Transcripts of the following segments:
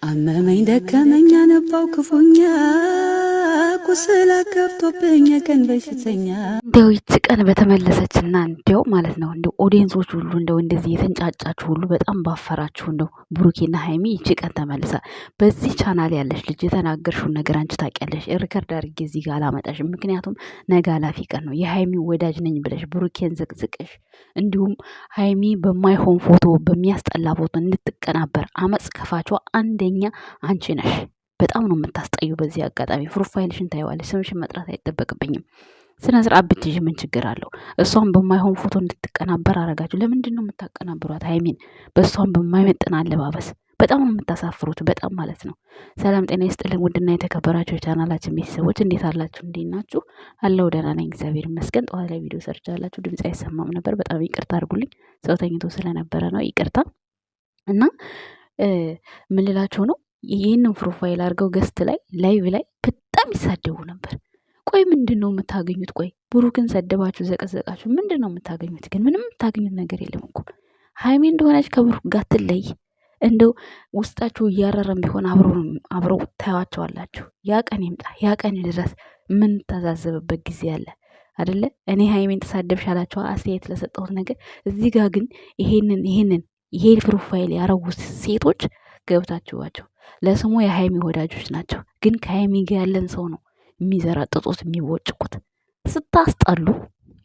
Aan mijn dek en aan de of van ቁስል አጋብቶብኝ ቀን በሽተኛ እንዲያው ይቺ ቀን በተመለሰችና እንዲያው ማለት ነው እንደው ኦዲየንሶች ሁሉ እንደው እንደዚህ የተንጫጫችሁ ሁሉ በጣም ባፈራችሁ እንዲያው ብሩኬና ሀይሚ ይቺ ቀን ተመልሳ በዚህ ቻናል ያለሽ ልጅ የተናገርሽውን ነገር አንቺ ታውቂያለሽ። ሪከርድ አድርጌ እዚህ ጋር አላመጣሽም። ምክንያቱም ነገ ኃላፊ ቀን ነው። የሀይሚ ወዳጅ ነኝ ብለሽ ብሩኬን ዝቅዝቅሽ እንዲሁም ሀይሚ በማይሆን ፎቶ በሚያስጠላ ፎቶ እንድትቀናበር አመፅ ከፋቿ አንደኛ አንቺ ነሽ። በጣም ነው የምታስጠዩ። በዚህ አጋጣሚ ፕሮፋይልሽን ታይዋለች። ስምሽን መጥራት አይጠበቅብኝም። ስነ ስርዓት ብትይዥ ምን ችግር አለው? እሷን በማይሆን ፎቶ እንድትቀናበር አረጋችሁ። ለምንድን ነው የምታቀናብሯት? ሀይሚን በእሷን በማይመጥን አለባበስ በጣም ነው የምታሳፍሩት። በጣም ማለት ነው። ሰላም ጤና ይስጥልን። ውድና የተከበራችሁ የቻናላችን ቤተሰቦች እንዴት አላችሁ? እንዴት ናችሁ? አለው ደህና ነኝ እግዚአብሔር ይመስገን። ጠዋት ላይ ቪዲዮ ሰርቻላችሁ፣ ድምፅ አይሰማም ነበር። በጣም ይቅርታ አድርጉልኝ። ሰው ተኝቶ ስለነበረ ነው ይቅርታ። እና ምን ልላችሁ ነው ይህንን ፕሮፋይል አድርገው ገስት ላይ ላይቭ ላይ በጣም ይሳደቡ ነበር። ቆይ ምንድን ነው የምታገኙት? ቆይ ብሩክን ሰደባችሁ ዘቀዘቃችሁ፣ ምንድን ነው የምታገኙት? ግን ምንም የምታገኙት ነገር የለም እኮ ሀይሜ እንደሆነች ከብሩክ ጋር ትለይ። እንደው ውስጣችሁ እያረረም ቢሆን አብሮ ታያቸዋላችሁ። ያ ቀን ይምጣ፣ ያ ቀን ድረስ ምን ታዛዘብበት ጊዜ አለ አደለ? እኔ ሀይሜን ተሳደብሽ አላቸው አስተያየት ለሰጠሁት ነገር። እዚህ ጋር ግን ይሄንን ይሄንን ይሄ ፕሮፋይል ያረጉ ሴቶች ገብታችኋቸው ለስሙ የሀይሚ ወዳጆች ናቸው፣ ግን ከሀይሚ ጋ ያለን ሰው ነው የሚዘረጥጡት የሚቦጭቁት። ስታስጠሉ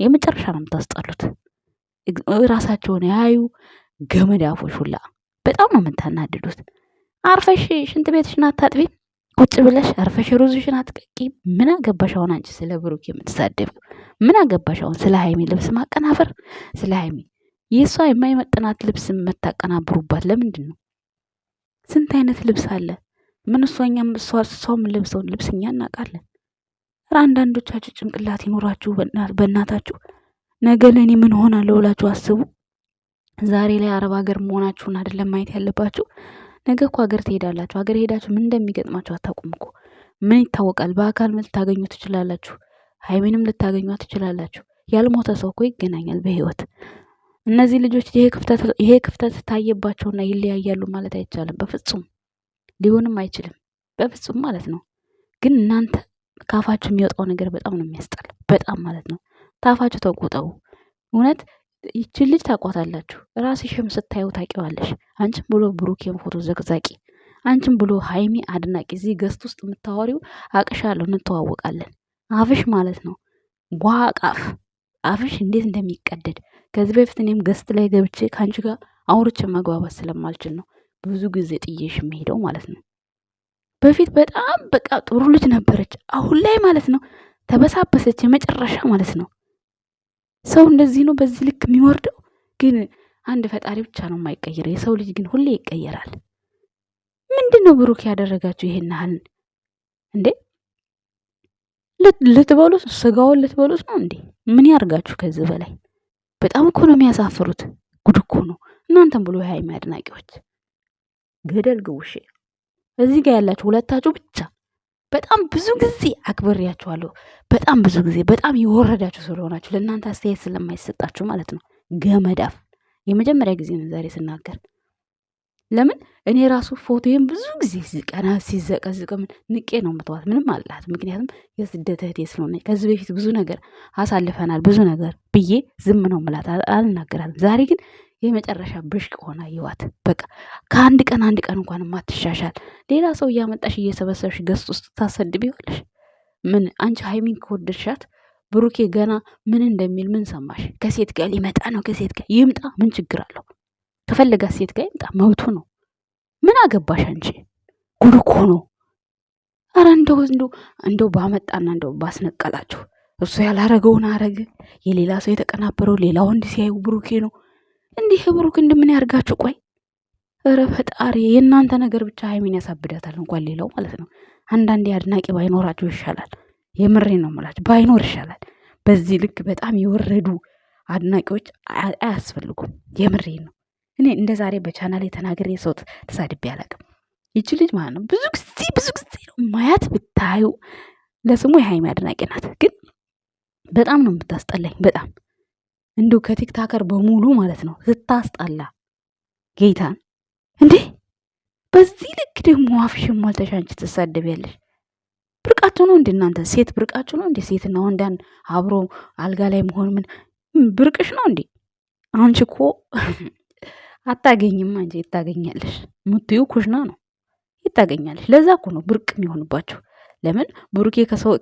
የመጨረሻ ነው የምታስጠሉት። ራሳቸውን ያዩ ገመድ አፎች ሁላ በጣም ነው የምታናድዱት። አርፈሽ ሽንት ቤትሽን አታጥቢም? ቁጭ ብለሽ አርፈሽ ሩዝሽን አትቀቂ። ምን አገባሽ አሁን አንቺ ስለ ብሩክ የምትሳደብ? ምን አገባሽ አሁን ስለ ሀይሚ ልብስ ማቀናፈር? ስለ ሀይሚ የእሷ የማይመጥናት ልብስ የምታቀናብሩባት ለምንድን ነው? ስንት አይነት ልብስ አለ? ምን እሷኛም እሷም ልብሰውን ልብስኛ እኛ እናውቃለን። አንዳንዶቻችሁ ጭንቅላት ይኖራችሁ በእናታችሁ ነገ ለእኔ ምን ሆናለሁ ብላችሁ አስቡ። ዛሬ ላይ አረብ ሀገር መሆናችሁን አይደለም ማየት ያለባችሁ። ነገ እኮ ሀገር ትሄዳላችሁ። ሀገር ሄዳችሁ ምን እንደሚገጥማችሁ አታውቁም እኮ ምን ይታወቃል። በአካል ልታገኙ ትችላላችሁ። ሀይሜንም ልታገኟ ትችላላችሁ። ያልሞተ ሰው እኮ ይገናኛል በህይወት እነዚህ ልጆች ይሄ ክፍተት ታየባቸውና ይለያያሉ ማለት አይቻልም። በፍጹም ሊሆንም አይችልም። በፍጹም ማለት ነው። ግን እናንተ ካፋችሁ የሚወጣው ነገር በጣም ነው የሚያስጠላው። በጣም ማለት ነው። ታፋችሁ ተቆጠቡ። እውነት ይችን ልጅ ታቋታላችሁ። ራስሽም ስታዩ ታቂዋለሽ። አንቺም ብሎ ብሩኬን ፎቶ ዘቅዛቂ፣ አንቺም ብሎ ሀይሚ አድናቂ። እዚህ ገስት ውስጥ የምታወሪው አቅሻለሁ፣ እንተዋወቃለን። አፍሽ ማለት ነው ዋቃፍ አፍሽ እንዴት እንደሚቀደድ ከዚህ በፊት እኔም ገስት ላይ ገብቼ ከአንቺ ጋር አውርቼ መግባባት ስለማልችል ነው ብዙ ጊዜ ጥዬሽ የምሄደው ማለት ነው። በፊት በጣም በቃ ጥሩ ልጅ ነበረች። አሁን ላይ ማለት ነው ተበሳበሰች፣ የመጨረሻ ማለት ነው። ሰው እንደዚህ ነው በዚህ ልክ የሚወርደው። ግን አንድ ፈጣሪ ብቻ ነው የማይቀየረው። የሰው ልጅ ግን ሁሌ ይቀየራል። ምንድን ነው ብሩክ ያደረጋችሁ ይሄን ያህል እንዴ? ልትበሉስ ስጋውን ልትበሉስ ነው እንዴ? ምን ያርጋችሁ ከዚህ በላይ? በጣም እኮ ነው የሚያሳፍሩት። ጉድ እኮ ነው እናንተም ብሎ የሀይሚ አድናቂዎች ገደል ግውሽ። እዚህ ጋር ያላችሁ ሁለታችሁ ብቻ በጣም ብዙ ጊዜ አክብሬያችኋለሁ። በጣም ብዙ ጊዜ በጣም የወረዳችሁ ስለሆናችሁ ለእናንተ አስተያየት ስለማይሰጣችሁ ማለት ነው። ገመዳፍ የመጀመሪያ ጊዜ ነው ዛሬ ስናገር ለምን እኔ ራሱ ፎቶዬን ብዙ ጊዜ ቀና ሲዘቀዝቅ ምን ንቄ ነው ምትዋት ምንም አላት። ምክንያቱም የስደት እህቴ ስለሆነ ከዚህ በፊት ብዙ ነገር አሳልፈናል፣ ብዙ ነገር ብዬ ዝም ነው ምላት፣ አልናገራትም። ዛሬ ግን የመጨረሻ ብሽቅ ሆና ይዋት። በቃ ከአንድ ቀን አንድ ቀን እንኳን ማትሻሻል ሌላ ሰው እያመጣሽ እየሰበሰብሽ ገጽ ውስጥ ታሰድብ ይሆለሽ። ምን አንቺ ሀይሚን ከወደድሻት ብሩኬ ገና ምን እንደሚል ምን ሰማሽ? ከሴት ጋር ሊመጣ ነው። ከሴት ጋር ይምጣ፣ ምን ችግር አለው? ከፈለጋት ሴት ጋር ይምጣ መብቱ ነው። ምን አገባሽ አንቺ? ጉድ እኮ ነው። አረ እንደው እንደው ባመጣና እንደው ባስነቀላችሁ። እሱ ያላረገውን አረገ፣ የሌላ ሰው የተቀናበረው ሌላ ወንድ ሲያዩ ብሩኬ ነው እንዲህ ብሩክ እንደምን ያርጋችሁ? ቆይ እረ ፈጣሪ የእናንተ ነገር ብቻ ሀይሚን ያሳብዳታል፣ እንኳን ሌላው ማለት ነው። አንዳንዴ አድናቂ ባይኖራችሁ ይሻላል። የምሬ ነው የምላችሁ፣ ባይኖር ይሻላል። በዚህ ልክ በጣም የወረዱ አድናቂዎች አያስፈልጉም። የምሬ ነው። እኔ እንደ ዛሬ በቻናል የተናገር የሰው ተሳድቤ አላውቅም። ይቺ ልጅ ማለት ነው ብዙ ጊዜ ብዙ ጊዜ ነው ማያት ብታዩ። ለስሙ የሀይሚ አድናቂ ናት፣ ግን በጣም ነው የምታስጠላኝ። በጣም እንዲሁ ከቲክታከር በሙሉ ማለት ነው ስታስጠላ ጌታን እንዴ በዚህ ልክ ደግሞ አፍሽን ሞልተሽ አንቺ ትሳደቢያለሽ። ብርቃችሁ ነው እንደ እናንተ ሴት ብርቃችሁ ነው እንዴ? ሴትና ወንዳን አብሮ አልጋ ላይ መሆን ምን ብርቅሽ ነው እንዴ? አንቺ እኮ አታገኝም እንጂ ይታገኛለሽ። ምትዩ ኩሽና ነው ይታገኛለሽ። ለዛ እኮ ነው ብርቅ የሚሆንባችሁ። ለምን ብሩኬ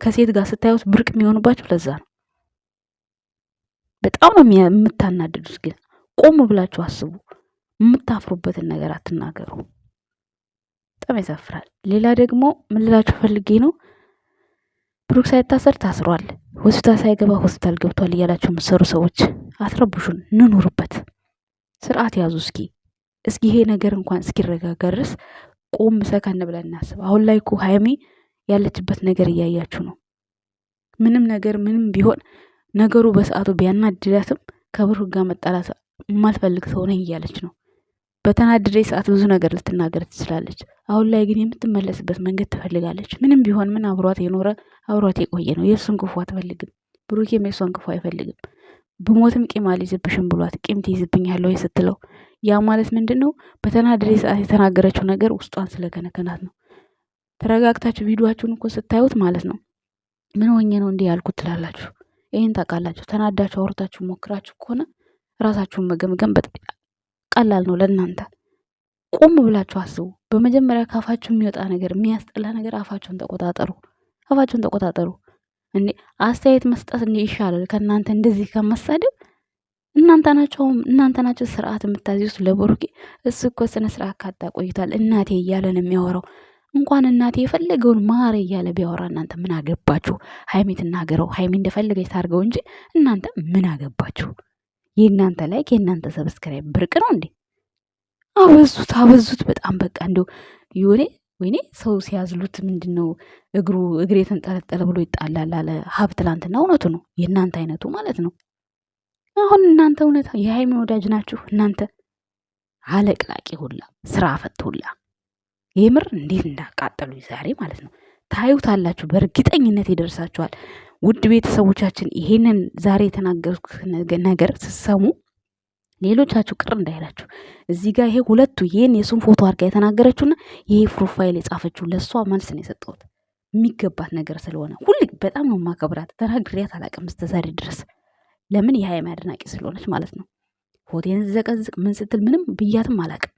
ከሴት ጋር ስታዩት ብርቅ የሚሆንባችሁ ለዛ ነው። በጣም ነው የምታናድዱት። ግን ቆም ብላችሁ አስቡ። የምታፍሩበትን ነገር አትናገሩ። በጣም ያሳፍራል። ሌላ ደግሞ ምን ልላችሁ ፈልጌ ነው ብሩክ ሳይታሰር ታስሯል፣ ሆስፒታል ሳይገባ ሆስፒታል ገብቷል እያላችሁ የምትሰሩ ሰዎች አትረብሹን፣ እንኑርበት። ስርዓት ያዙ። እስኪ እስኪ ይሄ ነገር እንኳን እስኪረጋጋ ድረስ ቆም ሰከን ብለን እናስብ። አሁን ላይ እኮ ሀይሜ ያለችበት ነገር እያያችሁ ነው። ምንም ነገር ምንም ቢሆን ነገሩ በሰዓቱ ቢያናድዳትም ከብሩክ ጋር መጣላት የማልፈልግ ሰው ነኝ እያለች ነው። በተናደደ ሰዓት ብዙ ነገር ልትናገር ትችላለች። አሁን ላይ ግን የምትመለስበት መንገድ ትፈልጋለች። ምንም ቢሆን ምን አብሯት የኖረ አብሯት የቆየ ነው። የእሱን ክፉ አትፈልግም። ብሩኬም የእሷን ክፉ አይፈልግም። ብሞትም ቂም አልይዝብሽም ብሏት ቂም ትይዝብኛለህ ወይ ስትለው ያ ማለት ምንድን ነው? በተናደደ ሰዓት የተናገረችው ነገር ውስጧን ስለከነከናት ነው። ተረጋግታችሁ ቪዲዮችሁን እኮ ስታዩት ማለት ነው ምን ሆኜ ነው እንዲህ ያልኩት ትላላችሁ። ይህን ታውቃላችሁ። ተናዳችሁ አውርታችሁ ሞክራችሁ ከሆነ ራሳችሁን መገምገም ቀላል ነው ለእናንተ። ቆም ብላችሁ አስቡ። በመጀመሪያ ከአፋችሁ የሚወጣ ነገር የሚያስጠላ ነገር አፋችሁን ተቆጣጠሩ። አፋችሁን ተቆጣጠሩ። አስተያየት መስጠት እንዴ ይሻላል ከእናንተ እንደዚህ ከመሳደብ። እናንተ ናቸው እናንተ ናቸው ስርዓት የምታዚውስ ለቦርጌ እሱ እኮ ስነ ስርዓት ካጣ ቆይቷል። እናቴ እያለ ነው የሚያወራው። እንኳን እናቴ የፈለገውን ማር እያለ ቢያወራ እናንተ ምን አገባችሁ? ሀይሚ ትናገረው፣ ሀይሚ እንደፈለገች ታርገው እንጂ እናንተ ምን አገባችሁ? የእናንተ ላይክ የእናንተ ሰብስክራይብ ብርቅ ነው እንዴ? አበዙት አበዙት። በጣም በቃ እንዲሁ ይሁኔ ወይኔ ሰው ሲያዝሉት ምንድን ነው እግሩ እግሬ የተንጠለጠለ ብሎ ይጣላል አለ ሀብ ትላንትና። እውነቱ ነው፣ የእናንተ አይነቱ ማለት ነው። አሁን እናንተ እውነት የሀይሚ ወዳጅ ናችሁ እናንተ አለቅላቂ ሁላ ስራ ፈት ሁላ የምር እንዴት እንዳቃጠሉ ዛሬ ማለት ነው። ታዩታላችሁ፣ በእርግጠኝነት ይደርሳችኋል። ውድ ቤተሰቦቻችን ይሄንን ዛሬ የተናገርኩት ነገር ስትሰሙ ሌሎቻችሁ ቅር እንዳይላችሁ እዚህ ጋር ይሄ ሁለቱ ይህን የሱን ፎቶ አድርጋ የተናገረችውና ይሄ ፕሮፋይል የጻፈችው ለእሷ መልስ ነው የሰጠሁት የሚገባት ነገር ስለሆነ ሁል በጣም ነው ማከብራት። ተናግሬያት አላውቅም እስከ ድረስ ለምን የሀይሚ አድናቂ ስለሆነች ማለት ነው። ፎቴን ዘቀዝቅ ምን ስትል ምንም ብያትም አላቅም።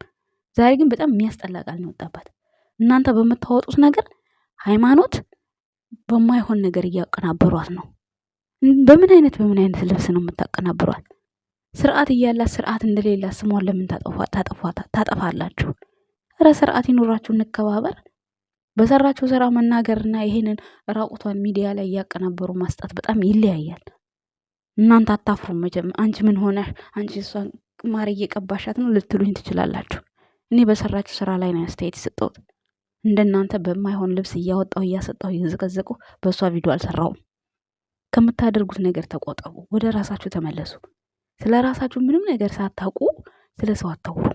ዛሬ ግን በጣም የሚያስጠላ ቃል ነው የወጣባት። እናንተ በምታወጡት ነገር ሃይማኖት በማይሆን ነገር እያቀናበሯት ነው። በምን አይነት በምን አይነት ልብስ ነው የምታቀናብሯት? ስርዓት እያላት ስርዓት እንደሌላ ስሟን ለምን ታጠፋላችሁ? እረ ስርዓት ይኖራችሁ፣ እንከባበር። በሰራችሁ ስራ መናገርና ይሄንን ራቁቷን ሚዲያ ላይ እያቀናበሩ ማስጣት በጣም ይለያያል። እናንተ አታፍሩ መቼም አንቺ ምን ሆነ? አንቺ እሷን ማር እየቀባሻት ነው ልትሉኝ ትችላላችሁ። እኔ በሰራችሁ ስራ ላይ ነው አስተያየት የሰጠሁት። እንደናንተ በማይሆን ልብስ እያወጣው እያሰጣው እየዘቀዘቁ በእሷ ቪዲዮ አልሰራውም። ከምታደርጉት ነገር ተቆጠቡ። ወደ ራሳችሁ ተመለሱ። ስለ ራሳችሁ ምንም ነገር ሳታውቁ ስለ ሰው አታውሩ።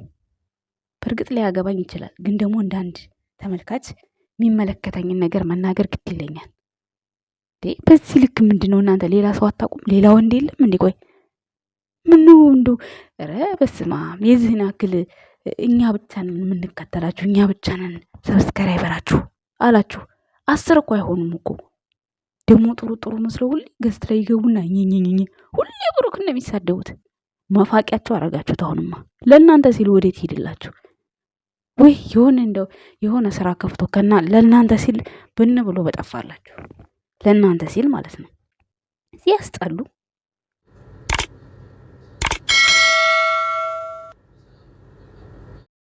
በእርግጥ ሊያገባኝ ይችላል፣ ግን ደግሞ እንደ አንድ ተመልካች የሚመለከተኝን ነገር መናገር ግድ ይለኛል። በዚህ ልክ ምንድን ነው እናንተ ሌላ ሰው አታውቁም? ሌላ ወንድ የለም እንዴ? ቆይ ምን እንዱ ረ በስማ የዚህን አክል እኛ ብቻንን የምንከተላችሁ፣ እኛ ብቻንን ነን ሰብስከራይበራችሁ አላችሁ። አስር እኮ አይሆኑም እኮ ደግሞ ጥሩ ጥሩ መስለው ሁሌ ገስት ላይ ይገቡና ኝኝኝኝ ሁሌ ብሩክ ነው የሚሳደቡት። መፋቂያቸው አረጋችሁት። አሁንማ ለእናንተ ሲል ወዴት ሄድላችሁ? ወይ የሆነ እንደው የሆነ ስራ ከፍቶ ከና ለእናንተ ሲል ብን ብሎ በጠፋላችሁ። ለእናንተ ሲል ማለት ነው ሲያስጠሉ